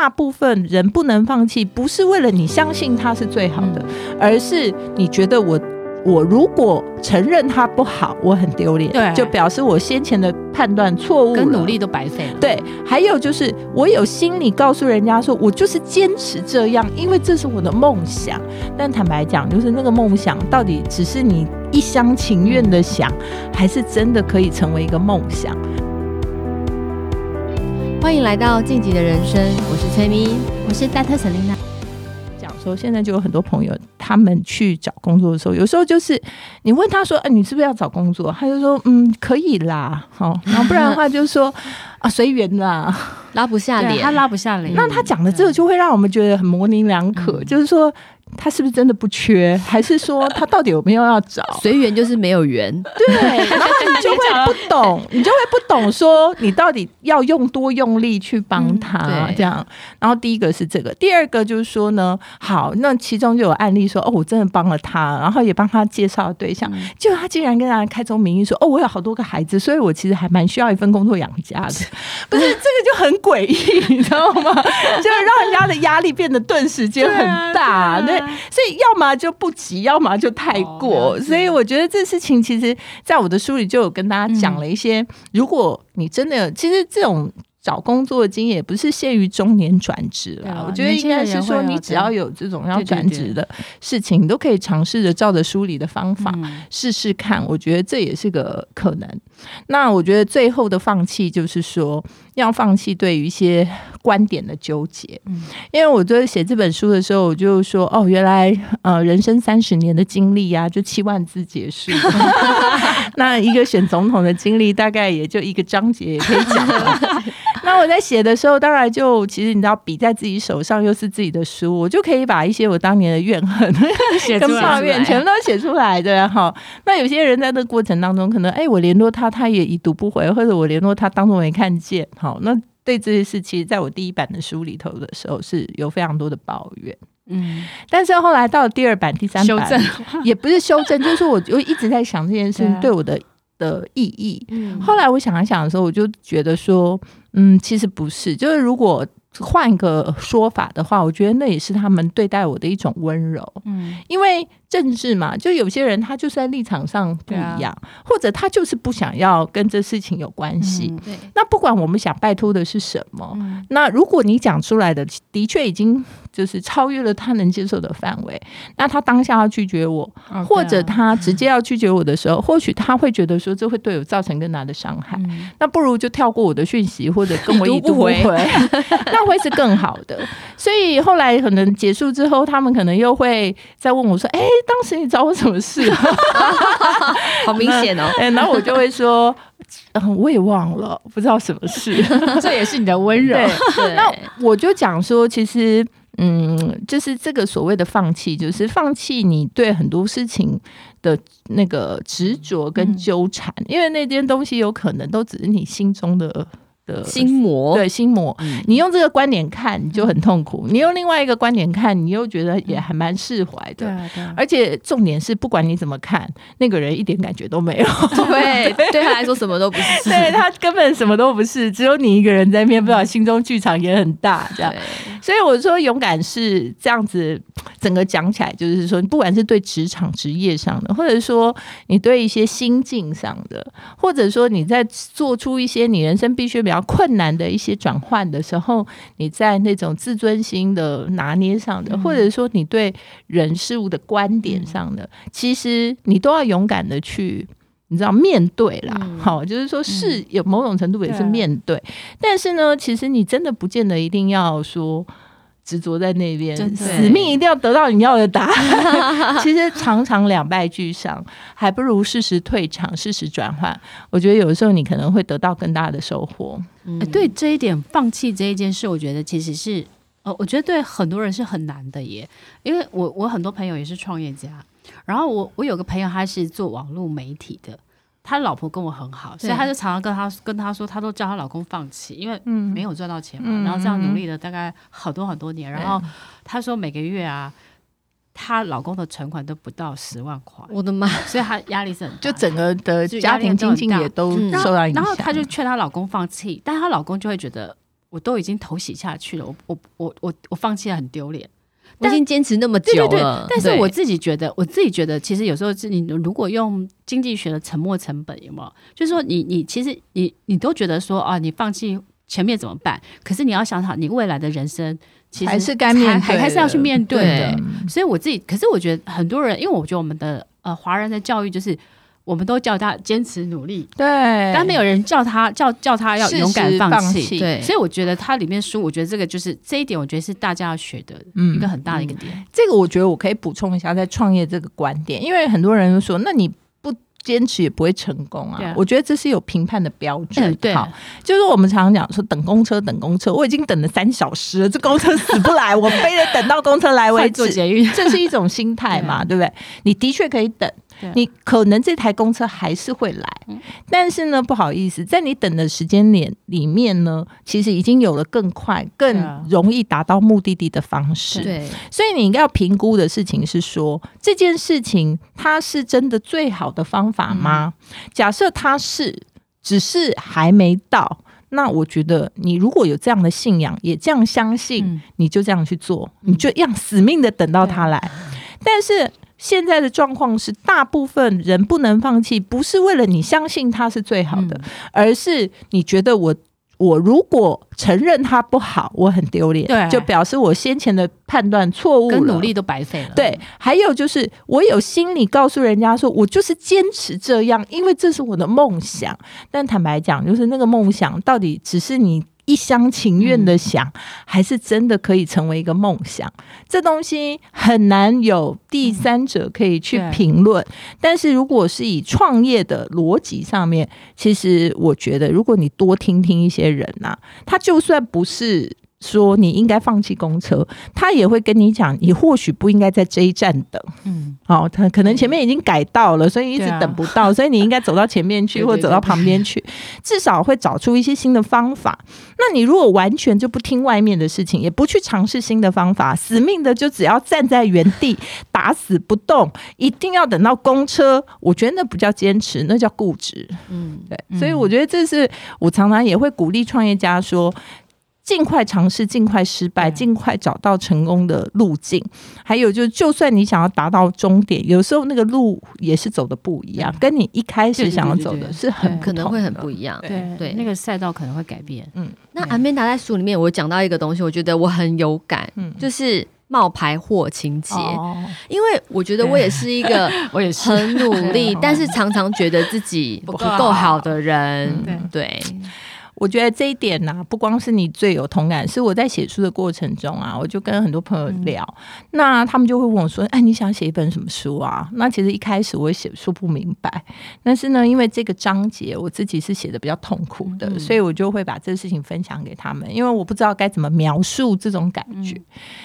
大部分人不能放棄，不是為了你相信他是最好的，嗯、而是你覺得我，我如果承認他不好，我很丟臉，對就表示我先前的判斷錯誤，跟努力都白費了。對，還有就是我有心理告訴人家說，我就是堅持這樣，因為這是我的夢想。但坦白講，就是那個夢想到底只是你一廂情願的想，還是真的可以成為一個夢想？歡迎來到進擊的人生，我是崔咪，我是 Dr. Selena。講說現在就有很多朋友，他們去找工作的時候，有時候就是你問他說：“哎、呃，你是不是要找工作？”他就說：“嗯，可以啦。哦。”好， 然後不然的話就是說啊，隨緣啦，拉不下臉，他拉不下臉。那他講的這個就會讓我們覺得很模稜兩可，對嗯、就是說。他是不是真的不缺，還是說他到底有沒有要找？啊？隨緣就是沒有緣，對。然後你就會不懂，你就會不懂說你到底要用多用力去幫他、嗯、這樣。然後第一個是這個，第二個就是說呢，好，那其中就有案例說哦，我真的幫了他，然後也幫他介紹了對象，就他竟然跟人家開宗明義說哦，我有好多個孩子，所以我其實還蠻需要一份工作養家的。不是這個就很詭異，嗯、 你知道嗎？就讓人家的壓力變得頓時間很大。所以，要麼就不急，要麼就太過。哦啊啊、所以，我覺得這事情其實，在我的書裡就有跟大家講了一些。嗯、如果你真的，其實這種找工作的經驗也不是限於中年轉職了。啊、我覺得應該是說，你只要有這種要轉職的事情，對對對，你都可以嘗試着照着書裡的方法試試看。嗯、我覺得這也是個可能。那我覺得最後的放棄就是說，要放棄對於一些觀點的糾結。嗯，因為我覺得寫這本書的時候，我就說，哦，原來呃，人生三十年的經歷呀、啊，就七萬字結束。 那一個選總統的經歷，大概也就一個章節也可以講。 那我在寫的時候，當然就其實你知道，筆在自己手上，又是自己的書，我就可以把一些我當年的怨恨寫出來 跟抱怨全都寫出來， 對哈。那有些人在那個過程當中，可能哎、欸，我聯絡他，他也已讀不回，或者我聯絡他，當中沒看見，好，那對這些事情，其實在我第一版的書裡頭的時候，是有非常多的抱怨，嗯。但是後來到第二版、第三版，修正也不是修正， 就是我我一直在想這件事情對、啊、對我的的意義。嗯、後來我想一想的時候，我就覺得說。嗯，其實不是，就是如果換個說法的話，我覺得那也是他們對待我的一種溫柔。嗯，因為。政治嘛，就有些人他就是在立場上不一樣，啊、或者他就是不想要跟這事情有關係。嗯、對那不管我們想拜託的是什麼，嗯、那如果你講出來的的確已經就是超越了他能接受的範圍，那他當下要拒絕我，嗯、或者他直接要拒絕我的時候，哦啊、或許他會覺得說這會對我造成更大的傷害，嗯、那不如就跳過我的訊息，或者跟我一 不回， 那會是更好的。 所以後來可能結束之後，他們可能又會再問我說：“哎、欸。”欸、當時你找我什麼事、啊？ 好明顯顯哦 那！哎、欸，然後我就會說、嗯，我也忘了，不知道什麼事。這也是你的溫柔。那我就講說，其實，嗯，就是這個所謂的放棄，就是放棄你對很多事情的那個執着跟糾纏，嗯、因為那件東西有可能都只是你心中的。心魔，對心魔，嗯、你用這個觀點看，你就很痛苦，嗯、你用另外一個觀點看，你又覺得也還蠻釋懷的。嗯啊啊、而且重點是不管你怎麼看，那個人一點感覺都沒有。對，對，對，對他來說什麼都不是。對他根本什麼都不是，只有你一個人在那邊，不知道，心中劇場也很大。這樣，對所以我說勇敢是這樣子，整個講起來就是說，不管是對職場職業上的，或者說你對一些心境上的，或者說你在做出一些你人生必須表。困難的一些轉換的時候，你在那種自尊心的拿捏上的，嗯、或者說你對人事物的觀點上的，嗯、其實你都要勇敢的去，你知道面對啦。嗯、好，就是說是有某種程度也是面對，嗯、但是呢，其實你真的不見得一定要說。執着在那邊，死命一定要得到你要的答案。 其實常常兩敗俱傷，還不如適時退場、適時轉換。我覺得有時候你可能會得到更大的收穫。嗯，欸，對這一點，放棄這一件事，我覺得其實是……呃，我覺得對很多人是很難的耶。因為我我很多朋友也是創業家，然後我我有個朋友他是做網絡媒體的。他老婆跟我很好，所以他就常常跟他對跟他說，他都叫她老公放棄，因為沒有賺到錢嘛。嗯、然後這樣努力了大概好多好多年，嗯、然後他說每個月啊，她老公的存款都不到十萬塊。我的媽！所以他壓力是很大，就整個的家庭經濟也都受到影響。然後他就勸她老公放棄，但她老公就會覺得，我都已經頭洗下去了，我我我我我放棄了很丟臉。我已經堅持那麼久了，但對對對，但是我自己覺得，對我自己覺得，其實有時候是你如果用經濟學的沉沒成本，有沒有？就是說你，你你其實你你都覺得說啊，你放棄前面怎麼辦？可是你要想想，你未來的人生其實還是該面對還還，還是要去面對的。對，所以我自己，可是我覺得很多人，因為我覺得我們的呃華人的教育就是。我們都叫他堅持努力，對，但沒有人叫他叫叫他要勇敢放棄，對。所以我覺得他裡面書，我覺得這個就是這一點，我覺得是大家要學的一個很大的一個點。嗯嗯、這個我覺得我可以補充一下，在創業這個觀點，因為很多人都說，那你不堅持也不會成功啊。啊我覺得這是有評判的標準，嗯、對、啊好。就是我們常常講說等公車等公車，我已經等了三小時了，這公車死不來， 我非得等到公車來我為止，捷運這是一種心態嘛，對，啊、對不對？你的確可以等。你可能這台公車還是會來，嗯、但是呢，不好意思，在你等的時間點裡面呢，其實已經有了更快、更容易達到目的地的方式。對所以你應該要評估的事情是說，這件事情它是真的最好的方法嗎？嗯、假設它是，只是還沒到。那我覺得，你如果有這樣的信仰，也這樣相信，嗯、你就這樣去做，你就要死命的等到它來。對但是。現在的狀況是，大部分人不能放棄，不是為了你相信他是最好的，嗯、而是你覺得我我如果承認他不好，我很丟臉，對就表示我先前的判斷錯誤，跟努力都白費了。對，還有就是我有心理告訴人家說，我就是堅持這樣，因為這是我的夢想。但坦白講，就是那個夢想到底只是你。一廂情願的想，還是真的可以成為一個夢想？這東西很難有第三者可以去評論。但是，如果是以創業的邏輯上面，其實我覺得，如果你多聽聽一些人吶、啊，他就算不是。說你應該放棄公車，他也會跟你講，你或許不應該在這一站等。嗯，哦，他可能前面已經改道了，嗯、所以一直等不到，啊、所以你應該走到前面去，啊、或者走到旁邊去，對對對對，至少會找出一些新的方法。那你如果完全就不聽外面的事情，也不去嘗試新的方法，死命的就只要站在原地 打死不動，一定要等到公車，我覺得那不叫堅持，那叫固執。嗯，對，嗯、所以我覺得這是我常常也會鼓勵創業家說。儘快嘗試，儘快失敗，儘快找到成功的路徑。還有就是，就算你想要達到終點，有時候那個路也是走的不一樣，跟你一開始想要走的是很可能會很不一樣。對對，那個賽道可能會改變。嗯，那 Amanda 在書裡面，我講到一個東西，我覺得我很有感，就是冒牌貨情節因為我覺得我也是一個，我也是很努力，但是常常覺得自己不夠好的人。對。我覺得這一點呢、啊，不光是你最有同感，是我在寫書的過程中啊，我就跟很多朋友聊，嗯、那他們就會問我說：“哎、欸，你想寫一本什麼書啊？”那其實一開始我也寫書不明白，但是呢，因為這個章節我自己是寫的比較痛苦的，嗯、所以我就會把這個事情分享給他們，因為我不知道該怎麼描述這種感覺，嗯、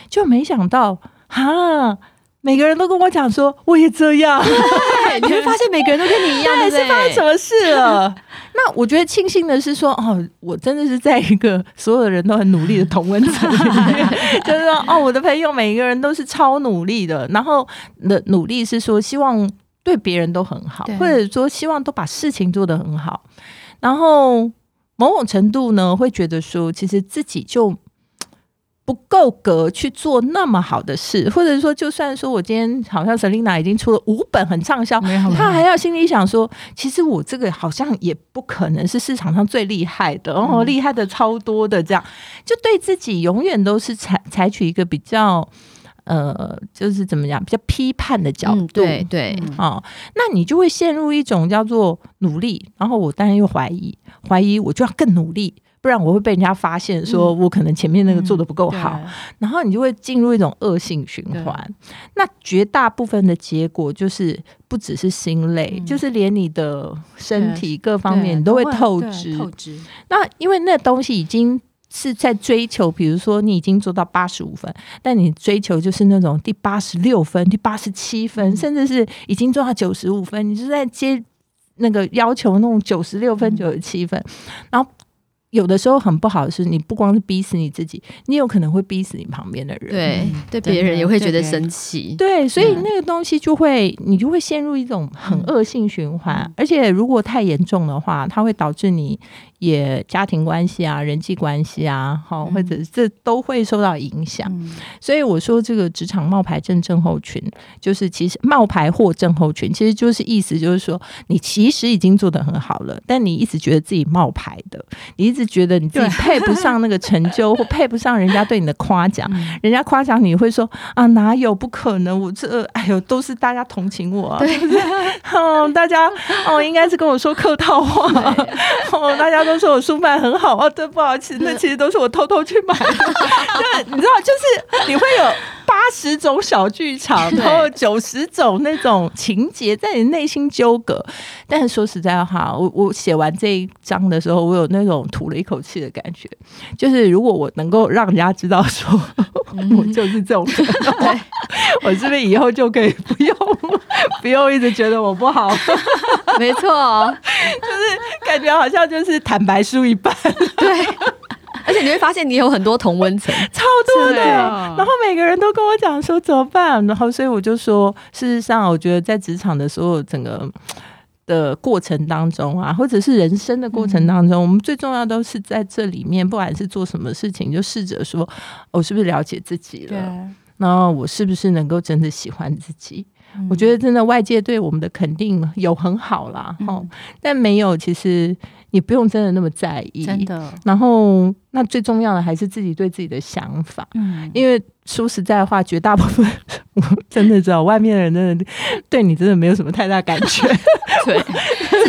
就沒想到哈。每個人都跟我講說，我也這樣。對 你會發現，每個人都跟你一樣，是發生什麼事了？ 那我覺得慶幸的是說，說哦，我真的是在一個所有人都很努力的同溫層裡面， 就是說，哦，我的朋友每一個人都是超努力的。然後，努力是說希望對別人都很好，對或者說希望都把事情做得很好。然後，某種程度呢，會覺得說，其實自己就。不夠格去做那麼好的事，或者說，就算說我今天好像 Selena 已經出了五本很暢銷，他還要心裡想說，其實我這個好像也不可能是市場上最厲害的，哦，厲害的超多的，這樣就對自己永遠都是采採取一個比較呃，就是怎麼講，比較批判的角度，嗯、對，對哦，那你就會陷入一種叫做努力，然後我當然又懷疑，懷疑我就要更努力。不然我會被人家發現，說我可能前面那個做的不夠好，嗯嗯、然後你就會進入一種惡性循環。對那絕大部分的結果就是不只是心累，嗯、就是連你的身體各方面你都會透支。透支。那因為那東西已經是在追求，比如說你已經做到八十五分，但你追求就是那種第八十六分、第八十七分，嗯、甚至是已經做到九十五分，你就是在接那個要求那種九十六分、九十七分，然後。有的時候很不好的是，你不光是逼死你自己，你有可能會逼死你旁邊的人，對對，別人也會覺得神奇，對，所以那個東西就會，你就會陷入一種很惡性循環，嗯、而且如果太嚴重的話，它會導致你也家庭關係啊、人際關係啊，好，或者這都會受到影響。嗯、所以我說這個職場冒牌症症候群，就是其實冒牌貨症候群，其實就是意思就是說，你其實已經做得很好了，但你一直覺得自己冒牌的，你一直。覺得你自己配不上那個成就， 或配不上人家對你的誇獎。 人家誇獎你，你會說啊，哪有不可能，我這哎呦，都是大家同情我，啊，對對哦，大家哦，應該是跟我說客套話，對哦，大家都說我書賣很好哦，啊，這不好吃，其實對那其實都是我偷偷去買的。 對，你知道，就是你會有。八十種小劇場，然後九十種那種情節在你內心糾葛。對但是說實在的話，我我寫完這一章的時候，我有那種吐了一口氣的感覺。就是如果我能夠讓人家知道說，說、嗯、我就是這種人，嗯、我是不是以後就可以不用 不用一直覺得我不好？沒錯錯，就是感覺好像就是坦白書一般。對。而且你會發現，你有很多同溫層，超多的，欸。對哦，然後每個人都跟我講說怎麼辦，然後所以我就說，事實上，我覺得在職場的所有整個的過程當中啊，或者是人生的過程當中，嗯，我們最重要的都是在這裡面，不管是做什麼事情，就試着說我，哦，是不是了解自己了？對 然後我是不是能夠真的喜歡自己？嗯，我覺得真的外界對我們的肯定有很好啦，哈，嗯，但沒有其實。你不用真的那麼在意，真的。然後，那最重要的還是自己對自己的想法，嗯，因為。說實在話，絕大部分我真的知道，外面的人真的對你真的沒有什麼太大感覺。對，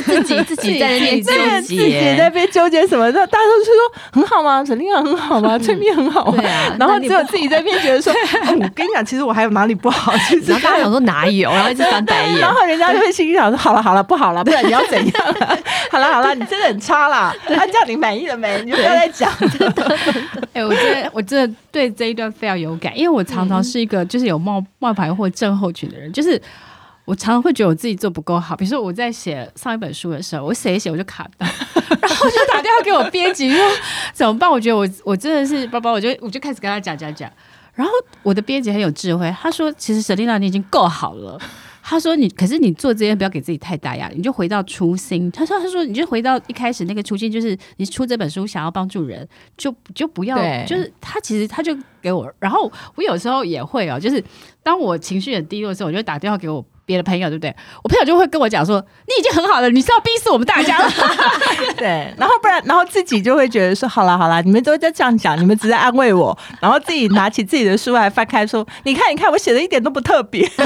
對，自己自己在那邊在自己在那邊糾結什麼？大家都是說很好嗎？Selena 很好嗎？崔咪很好嗎？嗯、啊，然後只有自己在那邊覺得說，啊哦、我跟你講，其實我還有哪裡不好？其、就、實、是、大家想說哪有、啊？然後一直翻白眼，然後人家就會心裡想說，好了好了，不好了，不然你要怎樣了好啦？好了好了，你真的很差啦！他、啊、叫你滿意了沒？你就不要再講。哎，我覺得我真的對這一段非常有感。因為我常常是一個就是有冒冒牌貨症候群的人，就是我常常會覺得我自己做不夠好。比如說我在寫上一本書的時候，我寫一寫我就卡，然後就打電話給我編輯說 怎麼辦？我覺得我我真的是，包包，我就我就開始跟他講講講。然後我的編輯很有智慧，他說：“其實 Selena，你已經夠好了。”他說你：“你可是你做這些不要給自己太大壓力，你就回到初心。”他說：“他說你就回到一開始那個初心，就是你出這本書想要幫助人，就就不要對就是他其實他就給我。然後我有時候也會哦，就是當我情緒很低落的時候，我就打電話給我別的朋友，對不對？我朋友就會跟我講說：‘你已經很好了，你是要逼死我們大家了。’ 對，然後不然，然後自己就會覺得說：‘好啦好啦，你們都在這樣講，你們只是安慰我。’然後自己拿起自己的書來翻開說：‘你看，你看，我寫的一點都不特別。 ’”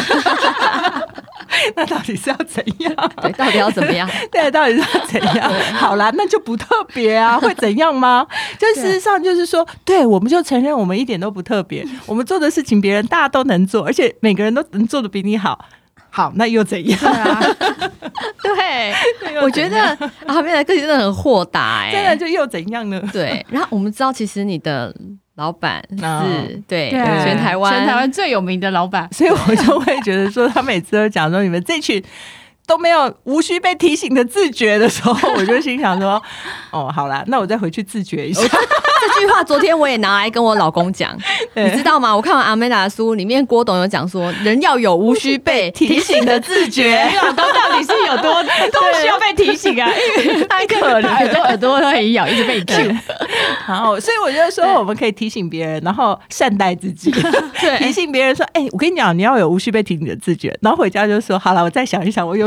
那到底是要怎樣？對，到底要怎麼樣？ 對，到底是要怎樣？好啦，那就不特別啊， 會怎樣嗎？就事實上就是說，對，我們就承認我們一點都不特別，我們做的事情別人大家都能做，而且每個人都能做的比你好，好，那又怎樣？對啊， 對， 我覺得啊，梅來個性真的很豁達哎、欸，真的就又怎樣呢？對，然後我們知道其實你的。老闆是，oh, 對，對全台灣全台灣最有名的老闆，所以我就會覺得說，他每次都講說，你們這群。都沒有無需被提醒的自覺的時候，我就心想說：“哦，好啦，那我再回去自覺一下。” 這句話昨天我也拿來跟我老公講，對你知道嗎？我看完阿梅達的書，裡面郭董有講說，人要有無需被提醒的自覺。自覺老公到底是有多多對需要被提醒啊？對太可憐，耳朵耳朵很癢，一直被你刺。然後，所以我就說，我們可以提醒別人，對然後善待自己。對提醒別人說：“哎、欸，我跟你講，你要有無需被提醒的自覺。”然後回家就說：“好了，我再想一想，我有。”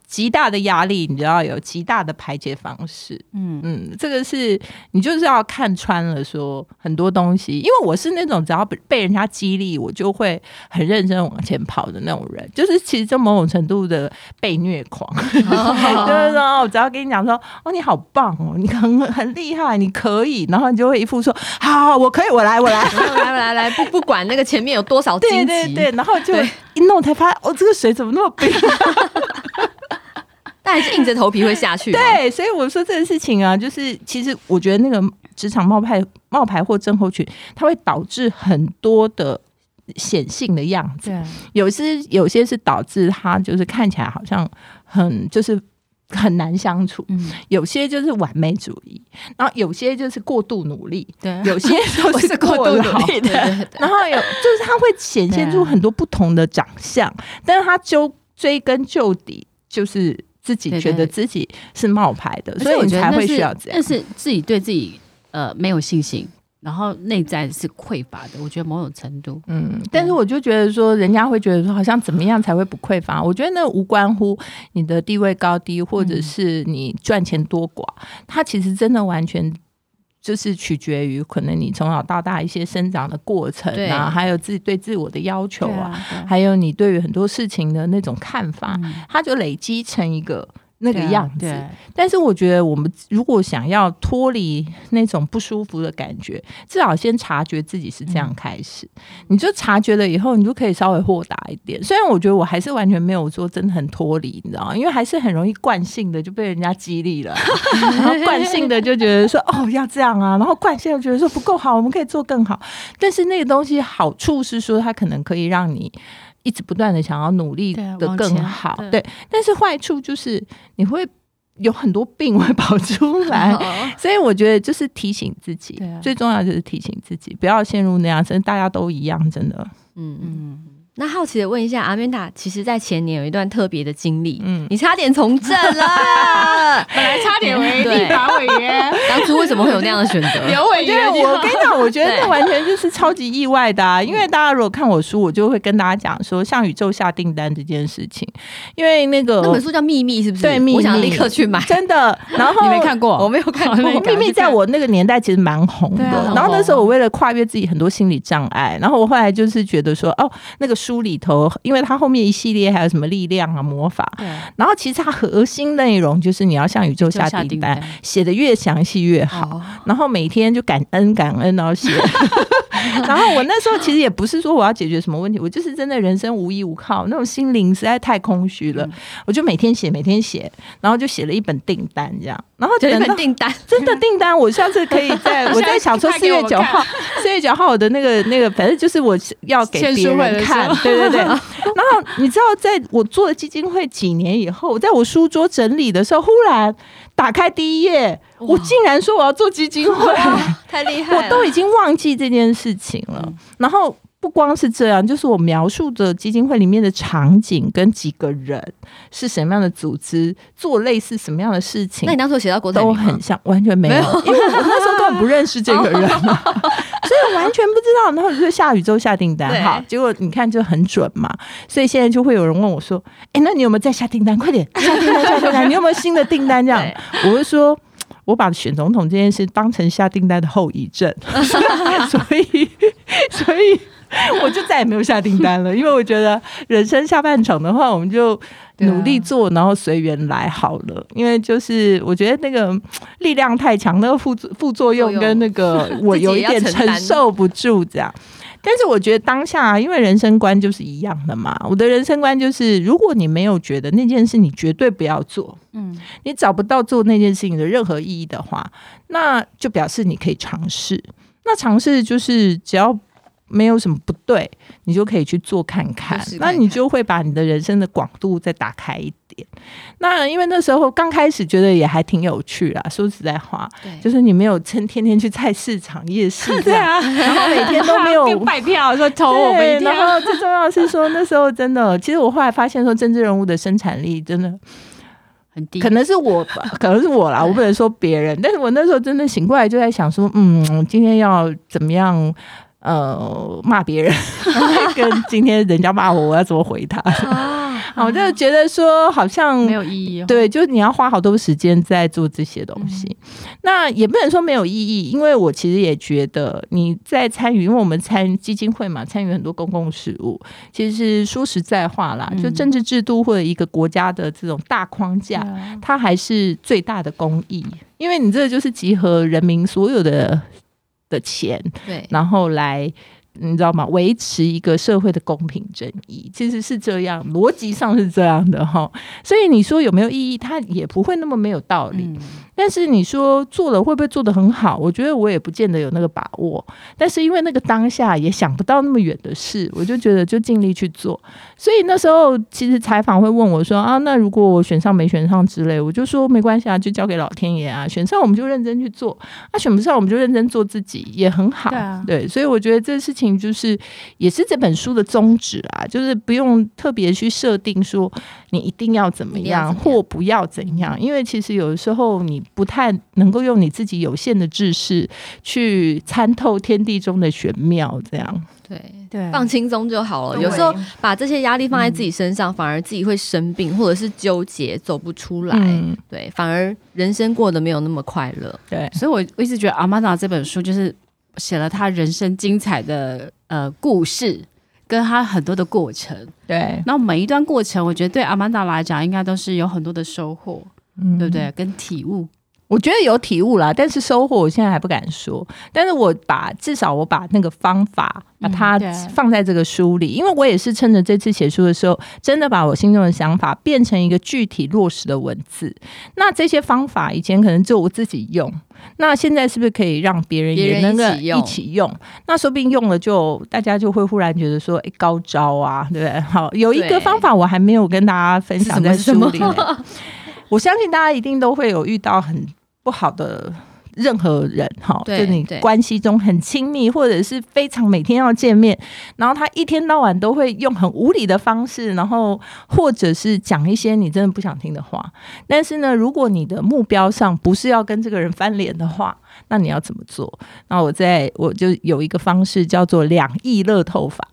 極大的壓力，你知道有極大的排解方式。嗯嗯，這個是你就是要看穿了，說很多東西。因為我是那種只要被被人家激勵，我就會很認真往前跑的那種人。就是其實就某種程度的被虐狂。就是說，只要跟你講說，哦，你好棒哦，你很很厲害，你可以，然後你就會一副說，好,好，我可以，我來，我來，哦、我來，我來，來 不不管那個前面有多少荊棘，對對對，然後就一弄，才發現對哦，這個水怎麼那麼冰？ 還是硬着頭皮會下去。對，所以我說這個事情啊，就是其實我覺得那個職場冒牌、冒牌貨症候群，它會導致很多的顯性的樣子。啊、有些有些是導致他就是看起來好像很就是很難相處，嗯，有些就是完美主義，然後有些就是過度努力，對、啊，有些時候是、啊、是過度努力的。 對對對對，然後有就是他會顯現出很多不同的長相，啊、但是他究追根究底就是。自己覺得自己是冒牌的，對對對，所以你才會需要這樣。但是,是自己對自己呃沒有信心，然後內在是匱乏的。我覺得某種程度，嗯，但是我就覺得說，人家會覺得說，好像怎麼樣才會不匱乏？嗯、我覺得那無關乎你的地位高低，或者是你賺錢多寡，他、嗯、其實真的完全。就是取決於可能你從小到大一些生長的過程啊，對還有自己對自我的要求啊，對啊對啊還有你對於很多事情的那種看法，嗯、它就累積成一個。那個樣子，但是我覺得我們如果想要脫離那種不舒服的感覺，至少先察覺自己是這樣開始。嗯、你就察覺了以後，你就可以稍微豁達一點。雖然我覺得我還是完全沒有說真的很脫離，你知道嗎？因為還是很容易慣性的就被人家激勵了， 然後慣性的就覺得說 哦，要這樣啊，然後慣性的覺得說不夠好，我們可以做更好。但是那個東西好處是說，它可能可以讓你。一直不斷的想要努力的更好，對，啊、對，對，但是壞處就是你會有很多病會跑出來。哦、所以我覺得就是提醒自己，啊、最重要就是提醒自己不要陷入那樣，真大家都一樣，真的，嗯嗯。嗯那好奇的問一下，阿曼達，其實，在前年有一段特別的經歷，嗯，你差點從政了， 本來差點為立法委員， 當初為什麼會有那樣的選擇？劉委員，我我跟你講，我覺得這完全就是超級意外的，啊，因為大家如果看我書，我就會跟大家講說，向宇宙下訂單這件事情，因為那個那本書叫《祕密》，是不是？對，《祕密》我想立刻去買，真的。然後你沒看過，我沒有看過，《祕密》在我那個年代其實蠻紅的。啊，很紅，然後那時候我為了跨越自己很多心理障礙，然後我後來就是覺得說，哦，那個。書裡頭，因為他後面一系列還有什麼力量啊、魔法，對然後其實它核心內容就是你要向宇宙下訂單，寫的越詳細越好，哦、然後每天就感恩感恩，然後寫。然後我那時候其實也不是說我要解決什麼問題，我就是真的人生無依無靠，那種心靈實在太空虛了，我就每天寫，每天寫，然後就寫了一本訂單這樣，然後就等訂單，真的訂單，我下次可以再，我在想說四月九號，四月九號我的那個那個，反正就是我要給別人看，對對對。然後你知道，在我做基金會幾年以後，在我書桌整理的時候，忽然。打開第一頁，我竟然說我要做基金會，啊、太厲害了！ 我都已經忘記這件事情了，嗯、然後。不光是這樣，就是我描述的基金會裡面的場景跟幾個人是什麼樣的組織，做類似什麼樣的事情。那你當時寫到國都很像，完全沒有，沒有，因為我那時候根本不認識這個人， 所以我完全不知道。然後就是下宇宙下訂單，對好，結果你看就很準嘛。所以現在就會有人問我說：“哎、欸，那你有沒有再下訂單？快點下訂單，下訂單，你有沒有新的訂單？”這樣，對我會說我把選總統這件事當成下訂單的後遺症， 所以，所以。 我就再也沒有下訂單了， 因為我覺得人生下半場的話，我們就努力做，然後隨緣來好了。啊、因為就是我覺得那個力量太強，那個副副作用跟那個我有一點承受不住這樣。但是我覺得當下、啊，因為人生觀就是一樣的嘛。我的人生觀就是，如果你沒有覺得那件事，你絕對不要做。嗯，你找不到做那件事情的任何意義的話，那就表示你可以嘗試。那嘗試就是只要。沒有什麼不對，你就可以去做看看。試試。那你就會把你的人生的廣度再打開一點。那因為那時候剛開始覺得也還挺有趣啦，說實在話，對就是你沒有趁天天去菜市場夜市，對啊，然後每天都沒有買票說偷， 對啊，然後最重要是說那時候真的，其實我後來發現說政治人物的生產力真的很低，可能是我吧， 可能是我啦，我不能說別人。但是我那時候真的醒過來就在想說，嗯，今天要怎麼樣？呃，罵別人 跟今天人家罵我，我要怎麼回他？啊， 我就覺得說好像沒有意義、哦。對，就是你要花好多時間在做這些東西，嗯、那也不能說沒有意義，因為我其實也覺得你在參與，因為我們參與基金會嘛，參與很多公共事務。其實說實在話啦，就政治制度或者一個國家的這種大框架，嗯、它還是最大的公益，嗯、因為你這個就是集合人民所有的。的錢，對，然後來，你知道嗎？維持一個社會的公平正義，其實是這樣，邏輯上是這樣的哈、哦。所以你說有沒有意義，它也不會那麼沒有道理。嗯但是你說做了會不會做得很好？我覺得我也不見得有那個把握。但是因為那個當下也想不到那麼遠的事，我就覺得就盡力去做。所以那時候其實採訪會問我說：“啊，那如果我選上沒選上之類，我就說沒關係啊，就交給老天爺啊。選上我們就認真去做，那、啊、選不上我們就認真做自己也很好。對,啊、對，所以我覺得這事情就是也是這本書的宗旨啊，就是不用特別去設定說你一定要怎麼樣,怎麼樣或不要怎樣，因為其實有的時候你。不太能夠用你自己有限的知識，去參透天地中的玄妙。這樣對對，放輕鬆就好了。對有時候把這些壓力放在自己身上，嗯、反而自己會生病，或者是糾結走不出來，嗯、對，反而人生過得沒有那麼快樂。對，所以我我一直覺得阿曼達這本書就是寫了他人生精彩的呃故事，跟他很多的過程。對，那每一段過程，我覺得對阿曼達來講，應該都是有很多的收穫，嗯、對不對？跟體悟。我覺得有體悟啦，但是收穫我現在還不敢說。但是我把至少我把那個方法把它放在這個書裡，嗯、因為我也是趁着這次寫書的時候，真的把我心中的想法變成一個具體落實的文字。那這些方法以前可能就我自己用，那現在是不是可以讓別人也那個一起用？起用那說不定用了就大家就會忽然覺得說哎、欸、高招啊，對不對？好，有一個方法我還沒有跟大家分享在書裡、欸，我相信大家一定都會有遇到很。不好的任何人哈，跟你關係中很親密，或者是非常每天要見面，然後他一天到晚都會用很無理的方式，然後或者是講一些你真的不想聽的話。但是呢，如果你的目標上不是要跟這個人翻臉的話，那你要怎麼做？那我在我就有一個方式叫做兩億樂透法，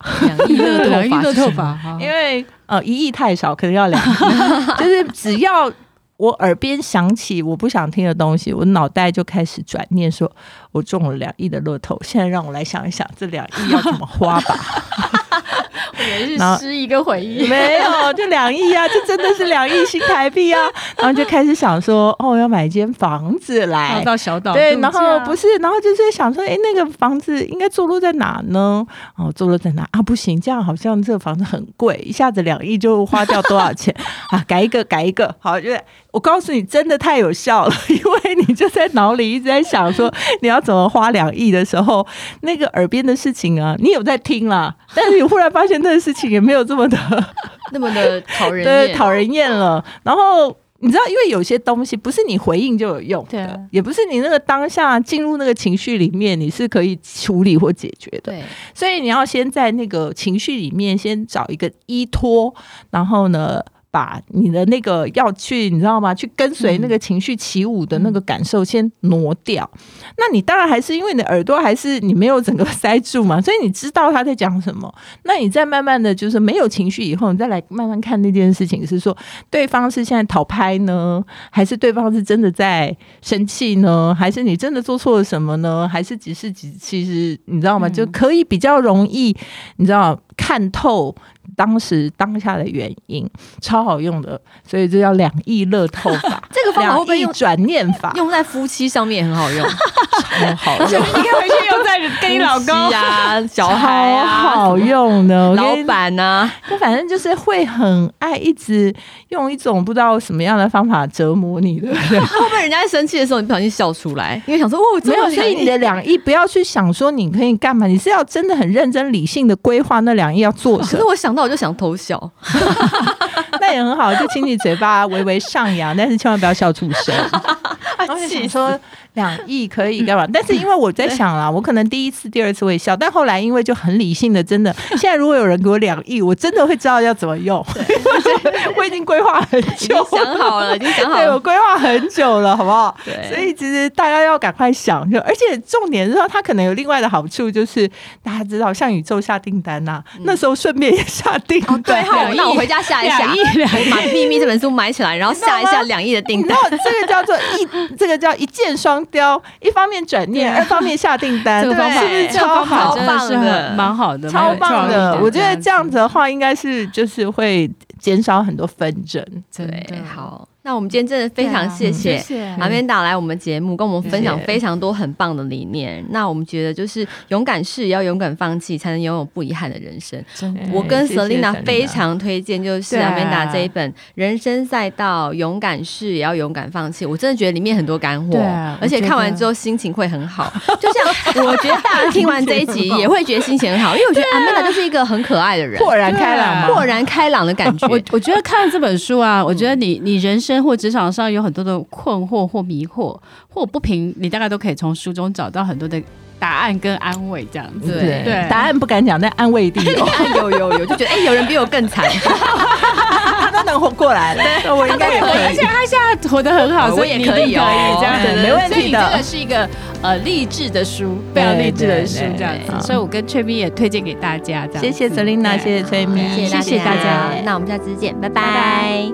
兩億樂透法，因為呃一億太少，可能要兩億， 就是只要。我耳邊響起我不想聽的東西，我腦袋就開始轉念說，說我中了兩億的樂透，現在讓我來想一想這兩億要怎麼花吧。 也是失一個回憶，沒有，就兩億啊，這 真的是兩億新台幣啊。然後就開始想說，哦，要買一間房子來，到小島對，然後不是，然後就是想說，哎、欸，那個房子應該坐落在哪呢？哦，坐落在哪啊？不行，這樣好像這個房子很貴，一下子兩億就花掉多少錢 啊？改一個，改一個，好，就我告訴你，真的太有效了，因為你就在腦裡一直在想說，你要怎麼花兩億的時候，那個耳邊的事情啊，你有在聽啦，但是你忽然發現。 那事情也沒有這麼的 那麼的討人 對討人厭了。然後你知道，因為有些東西不是你回應就有用的，對啊，也不是你那個當下進入那個情緒裡面，你是可以處理或解決的。對所以你要先在那個情緒裡面先找一個依托，然後呢？把你的那個要去，你知道嗎？去跟隨那個情緒起舞的那個感受先挪掉。嗯，那你當然還是因為你的耳朵還是你沒有整個塞住嘛，所以你知道他在講什麼。那你再慢慢的就是沒有情緒以後，你再來慢慢看那件事情是說對方是現在討拍呢，還是對方是真的在生氣呢？還是你真的做錯了什麼呢？還是只是只其實，其實你知道嗎？就可以比較容易，你知道看透。當時當下的原因，超好用的。所以這叫兩億樂透法呵呵。這個方法可以用轉念法，用在夫妻上面也很好用，很 好用。 帶着跟你老公啊、小孩啊，好用的老板呢、啊？他反正就是會很愛，一直用一種不知道什麼樣的方法折磨你對不對的。後面 人家生氣的時候，你不小心笑出來，因為想說哦，我沒有。所以你的兩億不要去想說你可以幹嘛，你是要真的很認真理性的規劃那兩億要做什麼、哦。可是我想到我就想偷笑， 那也很好，就請你嘴巴微微上揚，但是千萬不要笑出聲。而且你說。兩億可以幹嘛？但是因為我在想啊，我可能第一次，第二次會笑，但後來因為就很理性的，真的，現在如果有人給我兩億，我真的會知道要怎麼用。我已經規劃很久，想好了，已經想好。對，我規劃很久了，好不好？對。所以其實大家要趕快想，而且重點是，他可能有另外的好處，就是大家知道向宇宙下訂單吶，那時候順便也下訂單。對，好，那我回家下一下兩億把秘密這本書買起來，然後下一下兩億的訂單。這個叫做一，這個叫一箭雙一方面轉念，二方面下訂單， 對，是不是超好？真的是蠻好的，超棒的。有我覺得這樣子的話，應該是就是會減少很多紛爭，對，好。那我們今天真的非常謝謝 Amanda 來我們節目，跟我們分享非常多很棒的理念。那我們覺得就是勇敢試，也要勇敢放棄，才能擁有不遺憾的人生。我跟 Selena 非常推薦，就是 Amanda 這一本《人生賽道：勇敢試，也要勇敢放棄》。我真的覺得裡面很多乾貨，而且看完之後心情會很好。就像我覺得大家聽完這一集也會覺得心情很好，因為我覺得 Amanda 就是一個很可愛的人，豁然開朗，豁然開朗的感覺。我我覺得看了這本書啊，我覺得你你人生或職場上有很多的困惑、或迷惑、或不平，你大概都可以從書中找到很多的答案跟安慰，這樣子。對，答案不敢講，但安慰一定有，有有有。就覺得哎，有人比我更慘，他都能活過來了，我應該也可以。而且他現在活得很好，我也可以，可以這樣，沒問題的。所以你這個是一個呃勵志的書，非常勵志的書，這樣子。所以我跟崔咪也推薦給大家，這樣。謝謝 Selena，謝謝崔咪，謝謝大家。那我們下次見，拜拜。